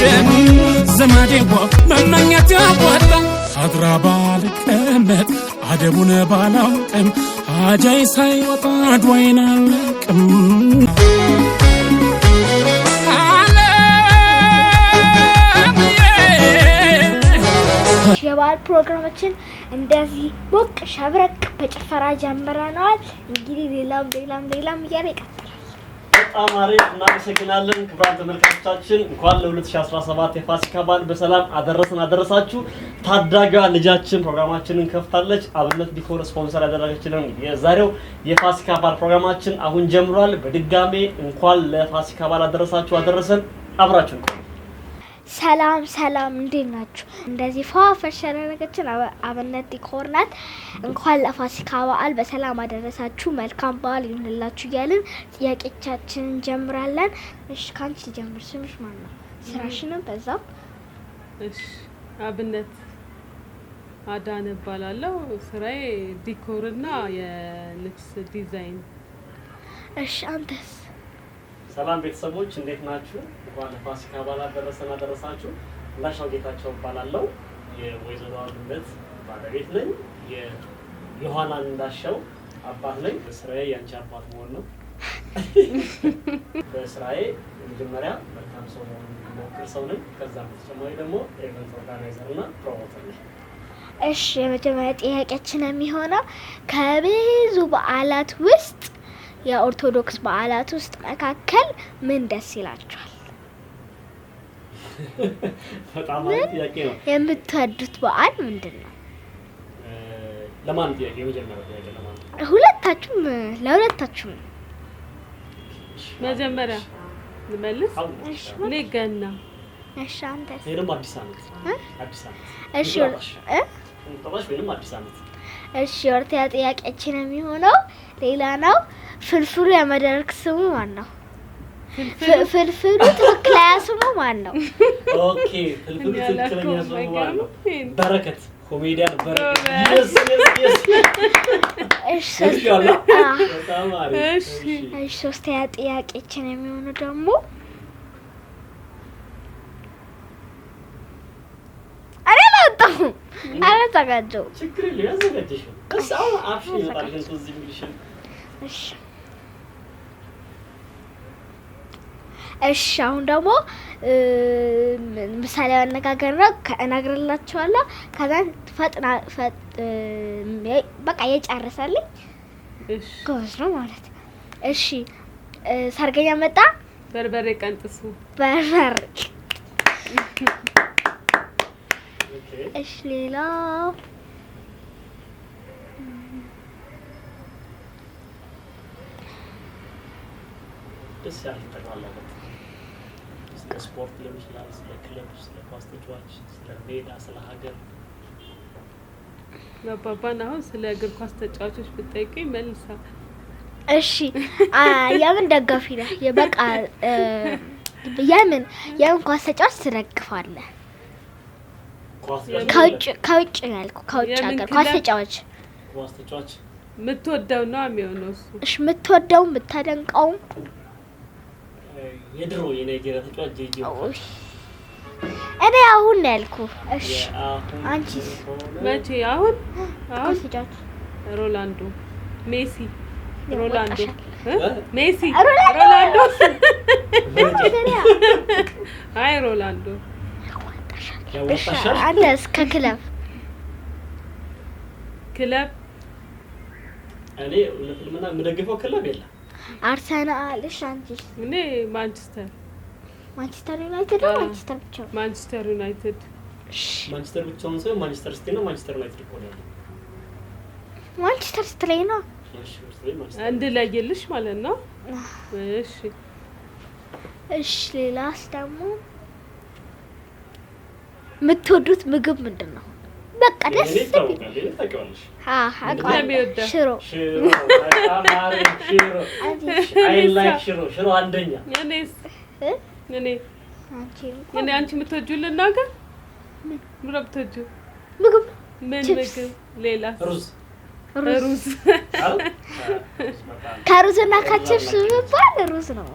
ደሜ ዘመዴዋ መመኘት ያዋጣ አድራ ባልቀመጥ አደቡን ባላውቅም አጃይ ሳይወጣ አድዋይን አለቅም የበዓል ፕሮግራሞችን እንደዚህ ሞቅ ሸብረቅ በጭፈራ ጀምረነዋል። እንግዲህ ሌላም ሌላም ሌላም እያለ ይቀጥላል። በጣም አሪፍ እናመሰግናለን። ክቡራን ተመልካቾቻችን እንኳን ለ2017 የፋሲካ በዓል በሰላም አደረሰን አደረሳችሁ። ታዳጊዋ ልጃችን ፕሮግራማችንን ከፍታለች። አብነት ዲኮር ስፖንሰር ያደረገችልን የዛሬው የፋሲካ በዓል ፕሮግራማችን አሁን ጀምሯል። በድጋሜ እንኳን ለፋሲካ በዓል አደረሳችሁ አደረሰን። አብራችሁ ሰላም ሰላም፣ እንዴት ናችሁ? እንደዚህ ፏፈሽ ያደረገችን አብነት ዲኮር ናት። እንኳን ለፋሲካ በዓል በሰላም አደረሳችሁ፣ መልካም በዓል ይሁንላችሁ እያልን ጥያቄቻችን እንጀምራለን። እሽ፣ ከአንቺ ልጀምር። ስምሽ ማን ነው? ስራሽንም በዛው። እሽ፣ አብነት አዳነ እባላለሁ። ስራዬ ዲኮርና የልብስ ዲዛይን። እሽ፣ አንተስ? ሰላም ቤተሰቦች እንዴት ናችሁ? እንኳን ፋሲካ በዓል ደረሰና ደረሳችሁ። እንዳሻው ጌታቸው እባላለሁ። የወይዘሮ አብነት ባለቤት ነኝ። የዮሐናን እንዳሻው አባት ነኝ። በስራዬ ያንቺ አባት መሆን ነው። በስራዬ መጀመሪያ መልካም ሰው መሆን የሚሞክር ሰው ነኝ። ከዛ በተጨማሪ ደግሞ ኤቨንት ኦርጋናይዘር እና ፕሮሞተር ነኝ። እሺ የመጀመሪያ ጥያቄያችን የሚሆነው ከብዙ በዓላት ውስጥ የኦርቶዶክስ በዓላት ውስጥ መካከል ምን ደስ ይላችኋል? በጣም የምትወዱት በዓል ምንድን ነው? ለማን ጥያቄ? መጀመሪያ ጥያቄ ለማን? ሁለታችሁም ለሁለታችሁም ነው። መጀመሪያ ልመልስ። እኔ ገና። እሺ፣ አንተ? እኔ ደግሞ አዲስ ዓመት። አዲስ ዓመት። እሺ፣ እ እንጠራሽ ወይንም አዲስ ዓመት። እሺ፣ ወርቲያ ጥያቄያችን የሚሆነው ሌላ ነው። ፍልፍሉ የመድረክ ስሙ ማን ነው? ፍልፍሉ ትክክለኛ ስሙ ማን ነው? ኦኬ ፍልፍሉ ትክክለኛ ስሙ ማን ነው? በረከት ኮሜዲያን በረከት። ይስ ይስ እሺ እሺ። ሶስተኛ ጥያቄችን የሚሆኑ ደግሞ አላጣሁም አላጣጋጀው ችግር ሊያዘጋጀሽ እሳው አፍሽ ይመጣል እዚህ ሚልሽን እሺ እሺ አሁን ደግሞ ምሳሌ አነጋገር ነው ከእናግርላችኋለሁ። ከዛ ፈጥና በቃ የጨረሰልኝ ጎበዝ ነው ማለት እሺ። ሰርገኛ መጣ በርበሬ ቀንጥሱ በርበር እሺ ክስ ያለ ጠቅላላ ስለ ስፖርት ሊሆን ይችላል፣ ስለ ክለብ፣ ስለ ኳስ ተጫዋች፣ ስለ ሜዳ፣ ስለ ሀገር አባባን አሁን ስለ እግር ኳስ ተጫዋቾች ብጠይቀኝ መልሳ እሺ፣ የምን ደጋፊ ነህ? የበቃ የምን የምን ኳስ ተጫዋች ትደግፋለህ? ከውጭ ያልኩ ከውጭ ሀገር ኳስ ተጫዋች ምትወደው ነው የሚሆነው እሺ፣ የምትወደው ምታደንቀውም የድሮ የናይጄሪያ ተጫዋች ጄጄ እኔ አሁን ነው ያልኩ። እሺ አንቺ መቼ? አሁን አሁን ሮላንዶ ሜሲ፣ ሮላንዶ ሜሲ፣ ሮላንዶ አይ ሮላንዶ አንተስ ከክለብ ክለብ እኔ እውነት ለመናገር የምደግፈው ክለብ የለም አርሰናል። እሺ አንቺስ? እኔ ማንቸስተር ማንቸስተር ዩናይትድ ነው። ማንቸስተር ብቻ ማንቸስተር ዩናይትድ ማንቸስተር ብቻውን ሳይሆን ማንቸስተር ሲቲ ነው። ማንቸስተር ዩናይትድ እኮ ነው። ማንቸስተር ሲቲ ላይ ነው። አንድ ላይ የለሽ ማለት ነው። እሺ እሺ። ሌላስ ደግሞ የምትወዱት ምግብ ምንድን ነው? በቃ ደስ ሽሮ ሽሮ አንደኛ እኔ አንቺ የምትወጂው ልናገር ምሮ የምትወጂው ምግብ ምን ምግብ ሌላ ሩዝ ሩዝ ከሩዝ እና የሚባል ሩዝ ነው።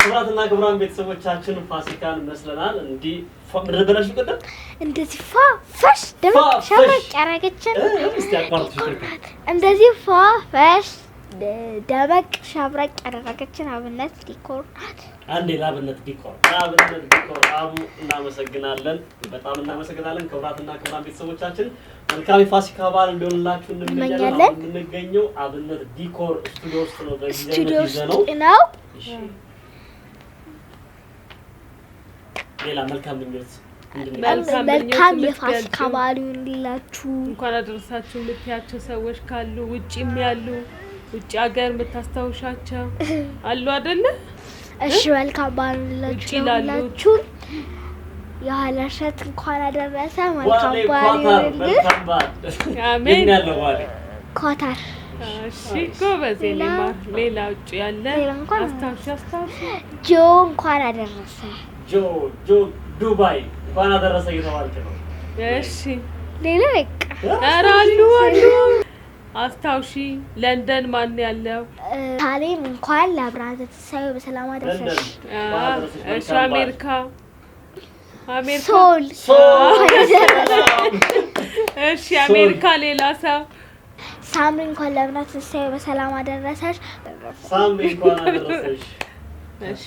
ክቡራትና ክቡራን ቤተሰቦቻችን ፋሲካን መስለናል እንዲህ ረበናሽ ቀደም እንደዚህ ፏ ፈሽ ደመቅ ሸመቅ ያረገችን እንደዚህ ፏ ፈሽ ደመቅ ሸብረቅ ያደረገችን አብነት ዲኮር አንዴ ለአብነት ዲኮር ለአብነት ዲኮር አቡ እናመሰግናለን፣ በጣም እናመሰግናለን። ክቡራትና ክቡራን ቤተሰቦቻችን መልካም የፋሲካ በዓል እንዲሆንላችሁ እንመኛለን። የምንገኘው አብነት ዲኮር ስቱዲዮ ውስጥ ነው። ነው። ሌላ መልካም ምኞት መልካም የፋሲካ በዓል ይሁንላችሁ። እንኳን አደረሳችሁ የምትያቸው ሰዎች ካሉ ውጭም ያሉ ውጭ ሀገር የምታስታውሻቸው አሉ አይደለ? እሺ መልካም በዓል ይሁንላችሁ። የኋላሸት እንኳን አደረሰ። መልካም በዓል ይሁንልህ። አሜን። እሺ ጎበዝ። ሌላ ውጭ ያለ አስታውሽ አስታውሽ። ጆ እንኳን አደረሰ ጆ ጆ ዱባይ እንኳን አደረሰ እየተባልክ ነው። እሺ ሌላ ኧረ አሉ አሉ አስታውሺ። ለንደን ማን ያለው ታሌም እንኳን ለአብርሃት ተሳዩ በሰላም አደረሰሽ። እሺ አሜሪካ አሜሪካ ሶል እሺ አሜሪካ ሌላ ሰው ሳምሪ እንኳን ለአብርሃት ተሳዩ በሰላም አደረሰሽ። ሳምሪ እንኳን አደረሰሽ። እሺ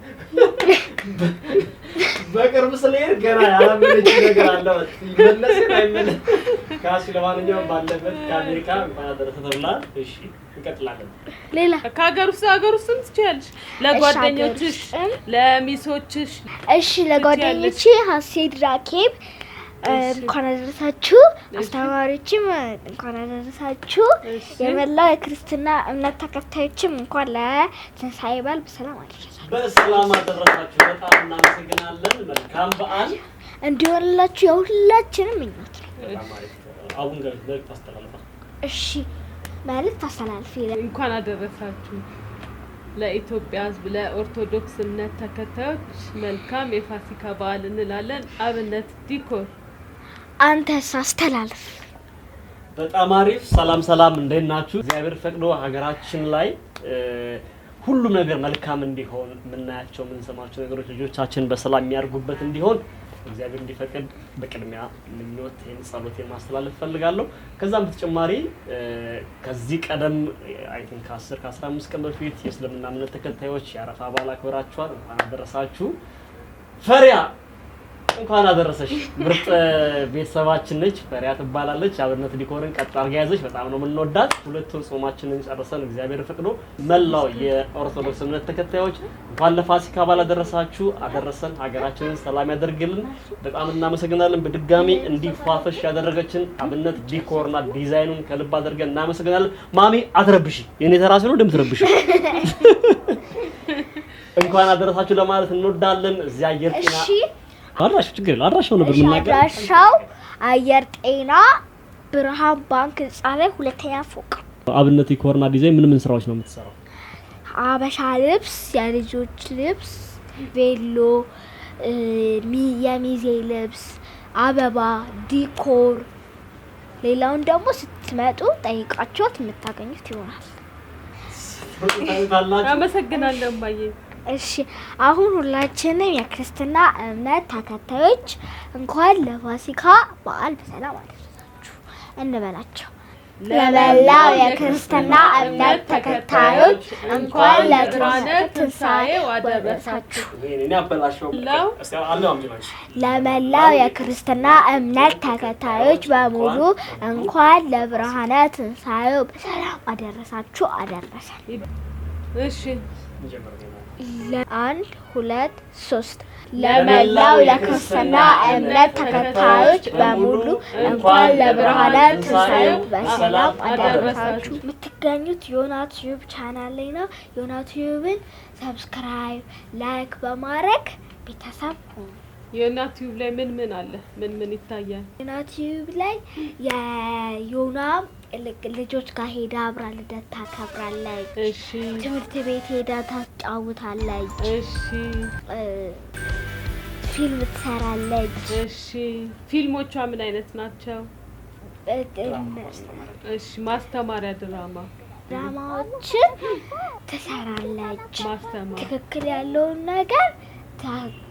ካሲ ለማንኛውም ባለበት ከአሜሪካ እሺ፣ እንቀጥላለን። ሌላ ከሀገር ውስጥ ሀገር ውስጥም ትችያለሽ፣ ለጓደኞችሽ፣ ለሚሶችሽ። እሺ፣ ለጓደኞቼ ሀሴት ራኬብ እንኳን አደረሳችሁ፣ አስተማሪዎችም እንኳን አደረሳችሁ፣ የመላው የክርስትና እምነት ተከታዮችም እንኳን ለትንሳኤ በዓል በሰላም አደረሳችሁ፣ በሰላም አደረሳችሁ። በጣም እናመሰግናለን። መልካም በዓል እንዲሆንላችሁ የሁላችንም ምኞት ነው። አሁን ጋር መልዕክት ታስተላልፋል። እሺ መልዕክት ታስተላልፊ። እንኳን አደረሳችሁ ለኢትዮጵያ ሕዝብ ለኦርቶዶክስ እምነት ተከታዮች መልካም የፋሲካ በዓል እንላለን። አብነት ዲኮር አንተስ አስተላልፍ። በጣም አሪፍ። ሰላም ሰላም፣ እንዴት ናችሁ? እግዚአብሔር ፈቅዶ ሀገራችን ላይ ሁሉም ነገር መልካም እንዲሆን የምናያቸው የምንሰማቸው ነገሮች ልጆቻችን በሰላም የሚያርጉበት እንዲሆን እግዚአብሔር እንዲፈቅድ በቅድሚያ ምኞቴን ጸሎቴን ማስተላለፍ እፈልጋለሁ። ከዛም በተጨማሪ ከዚህ ቀደም አይ ቲንክ ከ10 ከ15 ቀን በፊት የእስልምና እምነት ተከታዮች የአረፋ በዓል አክብራችኋል። እንኳን አደረሳችሁ ፈሪያ እንኳን አደረሰሽ። ምርጥ ቤተሰባችን ነች። ፈሪያ ትባላለች። አብነት ዲኮርን ቀጥ አድርጋ ያዘች። በጣም ነው የምንወዳት። ሁለቱን ጾማችንን ጨርሰን እግዚአብሔር ፈቅዶ መላው የኦርቶዶክስ እምነት ተከታዮች እንኳን ለፋሲካ በዓል አደረሳችሁ አደረሰን። ሀገራችንን ሰላም ያደርግልን። በጣም እናመሰግናለን። በድጋሚ እንዲፋፈሽ ያደረገችን አብነት ዲኮርና ዲዛይኑን ከልብ አድርገን እናመሰግናለን። ማሚ አትረብሺ፣ የኔ ተራ ስለሆነ እንደምትረብሺ እንኳን አደረሳችሁ ለማለት እንወዳለን። እዚያ አየር ጤና አድራሽ ችግር የለው አድራሻው ነበር የምናገር። አድራሻው አየር ጤና ብርሃን ባንክ ህንጻ ላይ ሁለተኛ ፎቅ። አብነት ኮርና ዲዛይን ምን ምን ስራዎች ነው የምትሰራው? አበሻ ልብስ፣ የልጆች ልብስ፣ ቬሎ፣ የሚዜ ልብስ፣ አበባ፣ ዲኮር። ሌላውን ደግሞ ስትመጡ ጠይቃችሁት የምታገኙት ይሆናል። አመሰግናለሁ እማዬ። እሺ አሁን ሁላችንም የክርስትና እምነት ተከታዮች እንኳን ለፋሲካ በዓል በሰላም አደረሳችሁ እንበላቸው። ለመላው የክርስትና እምነት ተከታዮች እንኳን ለብርሃነ ትንሣኤው አደረሳችሁ። ለመላው የክርስትና እምነት ተከታዮች በሙሉ እንኳን ለብርሃነ ትንሣኤው በሰላም አደረሳችሁ አደረሰን። አንድ ሁለት ሶስት ለመላው የክርስትና እምነት ተከታዮች በሙሉ እንኳን ለብርሃነ ትንሣኤው በሰላም አደረሳችሁ። የምትገኙት ዮናት ቻናል ላይ ነው። ዮናት ሰብስክራይብ፣ ላይክ በማድረግ ቤተሰብ ሁኑ። የናቲዩብ ላይ ምን ምን አለ? ምን ምን ይታያል? የናቲዩብ ላይ የዮና ልጆች ጋር ሄዳ አብራ ልደት ታከብራለች። እሺ። ትምህርት ቤት ሄዳ ታጫውታለች። እሺ። ፊልም ትሰራለች። እሺ። ፊልሞቿ ምን አይነት ናቸው? እሺ። ማስተማሪያ ድራማ ድራማዎችን ትሰራለች። ማስተማር ትክክል ያለውን ነገር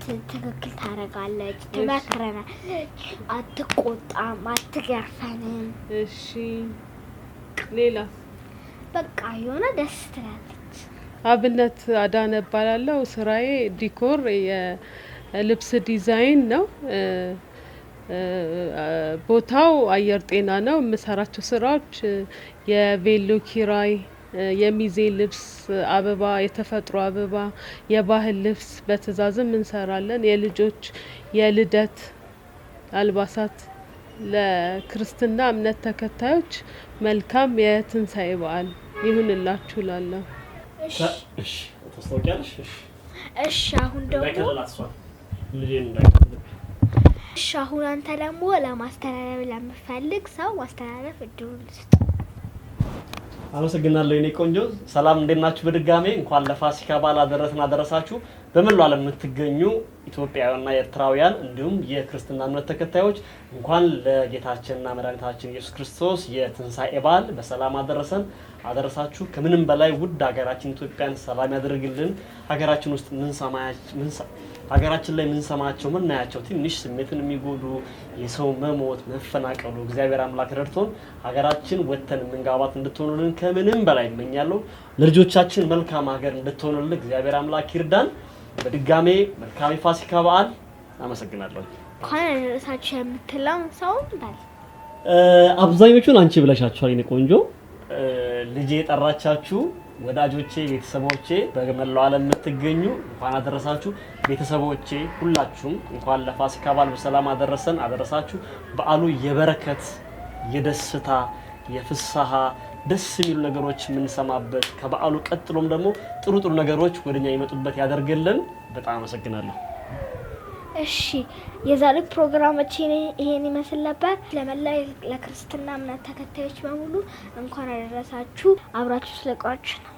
ትክክል ታደርጋለች፣ ትመክረናለች፣ አትቆጣም፣ አትገርፈንም። እሺ ሌላ በቃ የሆነ ደስ ትላለች። አብነት አዳነ እባላለሁ። ስራዬ ዲኮር የልብስ ዲዛይን ነው። ቦታው አየር ጤና ነው። የምሰራቸው ስራዎች የቬሎ ኪራይ የሚዜ ልብስ፣ አበባ፣ የተፈጥሮ አበባ፣ የባህል ልብስ በትእዛዝም እንሰራለን። የልጆች የልደት አልባሳት ለክርስትና እምነት ተከታዮች መልካም የትንሳኤ በዓል ይሁንላችሁ ላለሁ እሺ አሁን ደግሞ እሺ አሁን አንተ ደግሞ ለማስተላለፍ ለምፈልግ ሰው ማስተላለፍ እድሉን ስጥ። አመሰግናለሁ የኔ ቆንጆ። ሰላም እንዴት ናችሁ? በድጋሜ እንኳን ለፋሲካ በዓል አደረሰን አደረሳችሁ። በመላው ዓለም የምትገኙ ኢትዮጵያውያንና ኤርትራውያን እንዲሁም የክርስትና እምነት ተከታዮች እንኳን ለጌታችንና መድኃኒታችን ኢየሱስ ክርስቶስ የትንሣኤ በዓል በሰላም አደረሰን አደረሳችሁ። ከምንም በላይ ውድ ሀገራችን ኢትዮጵያን ሰላም ያደርግልን። ሀገራችን ውስጥ ምን ሀገራችን ላይ የምንሰማቸው የምናያቸው ትንሽ ስሜትን የሚጎዱ የሰው መሞት መፈናቀሉ እግዚአብሔር አምላክ ረድቶን ሀገራችን ወጥተን የምንጋባት እንድትሆኑልን ከምንም በላይ እመኛለሁ። ለልጆቻችን መልካም ሀገር እንድትሆኑልን እግዚአብሔር አምላክ ይርዳን። በድጋሜ መልካም ፋሲካ በዓል። አመሰግናለሁ። እንኳን የምትለው ሰው አብዛኞቹን አንቺ ብለሻችኋል። ቆንጆ ልጄ የጠራቻችሁ ወዳጆቼ፣ ቤተሰቦቼ በመላው ዓለም የምትገኙ እንኳን አደረሳችሁ። ቤተሰቦቼ ሁላችሁም እንኳን ለፋሲካ በዓል በሰላም አደረሰን አደረሳችሁ። በዓሉ የበረከት የደስታ የፍስሐ ደስ የሚሉ ነገሮች የምንሰማበት ከበዓሉ ቀጥሎም ደግሞ ጥሩ ጥሩ ነገሮች ወደኛ ይመጡበት ያደርግልን። በጣም አመሰግናለሁ። እሺ የዛሬ ፕሮግራማችን ይሄን ይመስል ነበር። ለመላ ለክርስትና እምነት ተከታዮች በሙሉ እንኳን አደረሳችሁ። አብራችሁ ስለቋችሁ